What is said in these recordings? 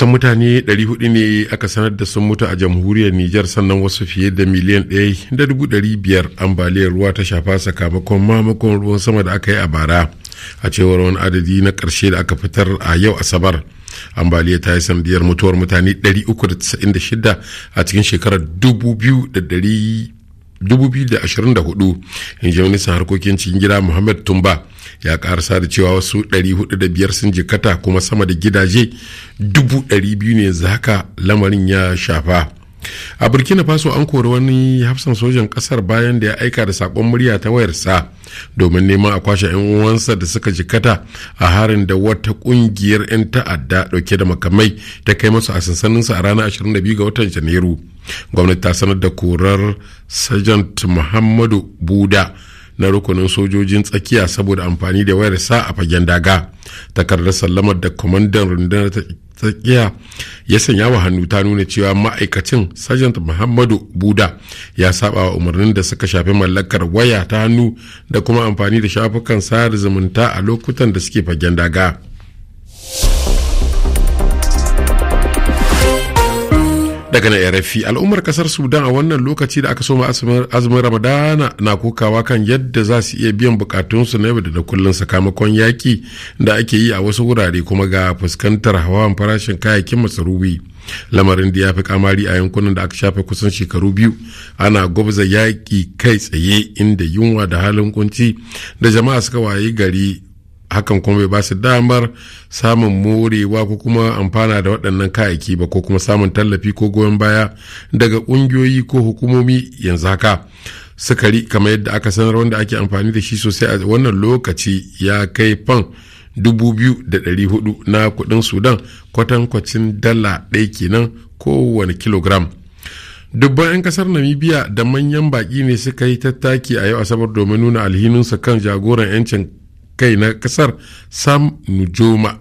kusan mutane 400 ne aka sanar da sun mutu a jamhuriyar Nijar sannan wasu fiye da miliyan 1.500 ambaliyar ruwa ta shafa sakamakon mamakon ruwan sama da aka yi a bara a cewar wani adadi na karshe da aka fitar a yau asabar ambaliya ta yi sanadiyar mutuwar mutane 396 a cikin shekarar 2024 in ji ministan harkokin cikin gida muhammad tumba ya karasa da cewa wasu 405 sun jikata kuma sama da gidaje 200,000 ne yanzu haka lamarin ya shafa a burkina faso an kori wani hafsan sojan kasar bayan da ya aika da sakon murya ta wayarsa domin neman a kwashe 'yan uwansa da suka jikata a harin da wata kungiyar 'yan ta'adda dauke da makamai ta kai masu a sansaninsa a ranar 22 ga watan janairu gwamnati ta sanar da korar sergeant muhammadu buda na rukunin sojojin tsakiya saboda amfani da wayar sa a fagen daga takardar sallamar da kwamandan rundunar tsakiya ya sanya wa hannu ta nuna cewa ma'aikacin sergeant muhammadu buda ya saba wa umarnin da suka shafi mallakar waya ta hannu da kuma amfani da shafukan sada zumunta a lokutan da suke fagen daga daga na rfi al'ummar kasar sudan a wannan lokaci da aka soma azumin ramadana na kokawa kan yadda za su iya biyan bukatunsu na yau da kullun kullum sakamakon yaƙi da ake yi a wasu wurare kuma ga fuskantar hawan farashin kayayyakin masarubi lamarin da ya fi kamari a yankunan da aka shafe kusan shekaru biyu ana gwabza yaƙi kai tsaye inda yunwa da halin kunci da jama'a suka waye gari hakan kuma bai basu su damar samun morewa ko kuma amfana da waɗannan kayayyaki ba ko kuma samun tallafi ko goyon baya daga ƙungiyoyi ko hukumomi yanzu haka sukari kamar yadda aka sanar wanda ake amfani da shi sosai a wannan lokaci ya kai fan hudu na kuɗin sudan kwatankwacin dala ɗaya kenan kowane kilogram dubban 'yan kasar namibia da manyan baƙi ne suka yi tattaki a yau asabar domin nuna alhininsa kan jagoran 'yancin kai na kasar sam nujoma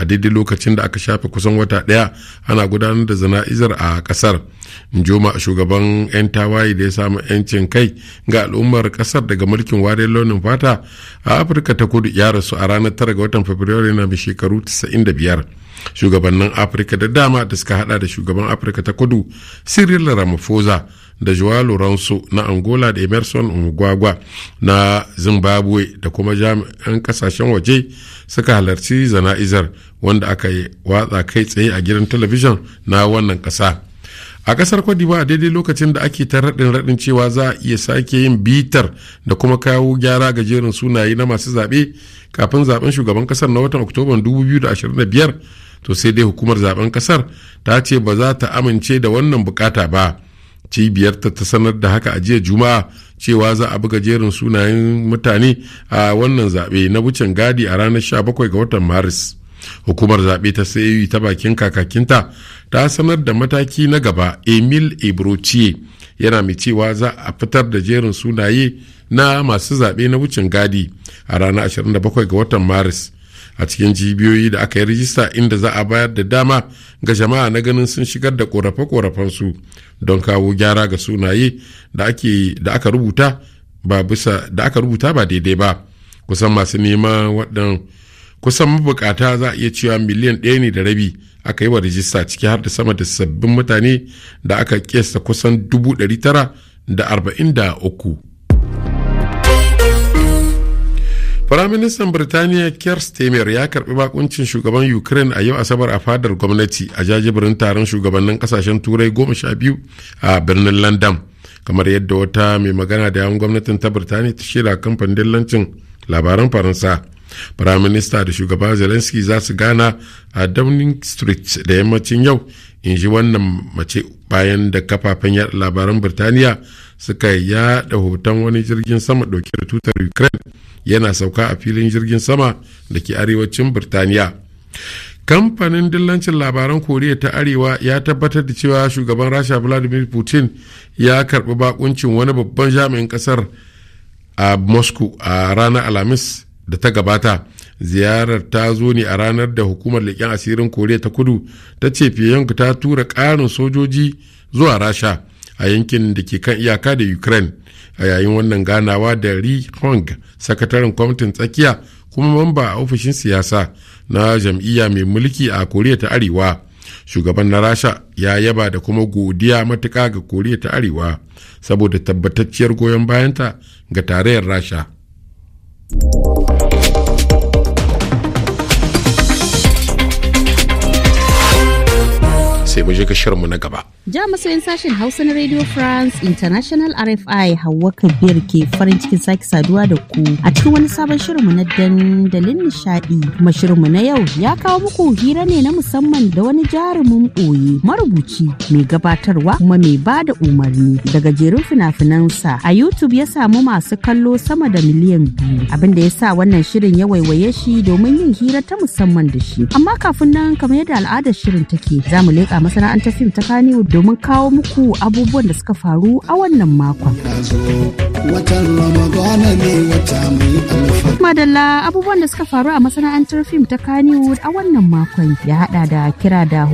a daidai lokacin da aka shafe kusan wata daya ana gudanar da zana'izar a kasar njoma shugaban 'yan tawaye da ya samu 'yancin kai ga al'ummar kasar daga mulkin ware launin fata a afirka ta kudu ya rasu a ranar 9 ga watan fabrairu na mai shekaru 95 shugabannin afirka da dama da suka hada da shugaban afirka ta kudu cyril ramaphosa da joao lorenzo na angola da emerson mugwagwa na zimbabwe da kuma jami'an kasashen waje suka halarci zana'izar wanda aka yi watsa kai tsaye a gidan talabijin na wannan ƙasa a kasar kwadiba a daidai lokacin da ake ta raɗin raɗin cewa za a iya sake yin bitar da kuma kawo gyara ga jerin sunaye na masu zaɓe kafin zaɓen shugaban kasar na watan oktoban 2025 to sai dai hukumar zaɓen kasar ta ce ba za ta amince da wannan bukata ba cibiyarta ta sanar da haka a jiya juma'a cewa za a buga jerin sunayen mutane a wannan zaɓe na wucin gadi a ranar 17 ga watan maris hukumar zaɓe ta sayi ta bakin kakakinta ta sanar da mataki na gaba emil ebrochie yana mai cewa za a fitar da jerin sunaye na masu zaɓe na wucin gadi a ranar 27 ga watan maris a cikin jibiyoyi da aka yi rijista inda za a bayar da dama ga jama'a na ganin sun shigar da korafe-korafensu don kawo gyara ga sunaye da aka rubuta ba bisa da aka rubuta ba daidai ba kusan masu neman waɗan kusan mabukata za a iya cewa miliyan ɗaya ne da rabi aka yi wa rijista ciki har da sama da sabbin mutane da aka kiyasta kusan dubu ɗari tara da arba'in da uku Firaministan Birtaniya kier Starmer ya karbi bakuncin shugaban Ukraine a yau Asabar a fadar gwamnati a jajibirin taron shugabannin kasashen Turai goma sha biyu a birnin London. Kamar yadda wata mai magana da yawon gwamnatin ta Birtaniya ta shirya kamfanin dillancin labaran Faransa. Firaminista da shugaban Zelensky za su gana a Downing Street da yammacin yau in ji wannan mace bayan da kafafen yaɗa labaran Birtaniya suka yaɗa hoton wani jirgin sama ɗauke da tutar Ukraine. yana sauka a filin jirgin sama da ke arewacin birtaniya kamfanin dillancin labaran koriya ta arewa ya tabbatar da cewa shugaban rasha vladimir putin ya karbi bakuncin wani babban jami'in kasar a moscow a ranar alhamis da ta gabata ziyarar ta zo ne a ranar da hukumar leƙen asirin koriya ta kudu ta ce fiye ta tura ƙarin sojoji zuwa rasha a yankin da ke kan iyaka da ukraine a yayin wannan ganawa da ri hong sakataren kwamitin tsakiya kuma mamba a ofishin siyasa na jam'iyya mai mulki a koriya ta arewa shugaban na rasha ya yaba da kuma godiya matuka ga koriya ta arewa saboda tabbatacciyar goyon bayanta ga tarayyar rasha sai mu je ga shirinmu na gaba. Ja masoyin sashen Hausa na Radio France International RFI Hauwa Kabir ke farin cikin sake saduwa da ku a cikin wani sabon mu na dandalin nishadi. Kuma mu na yau ya kawo muku hira ne na musamman da wani jarumin ɓoye marubuci mai gabatarwa kuma mai ba da umarni daga jerin fina sa a YouTube ya samu masu kallo sama da miliyan biyu da ya sa wannan shirin ya waiwaye shi domin yin hira ta musamman da shi. Amma kafin nan kamar yadda al'adar shirin take za mu leƙa masana'antar fim ta Kannywood domin kawo muku abubuwan da suka faru a wannan makon. Madalla abubuwan da suka faru a masana'antar fim ta Kannywood a wannan makon ya hada da kira da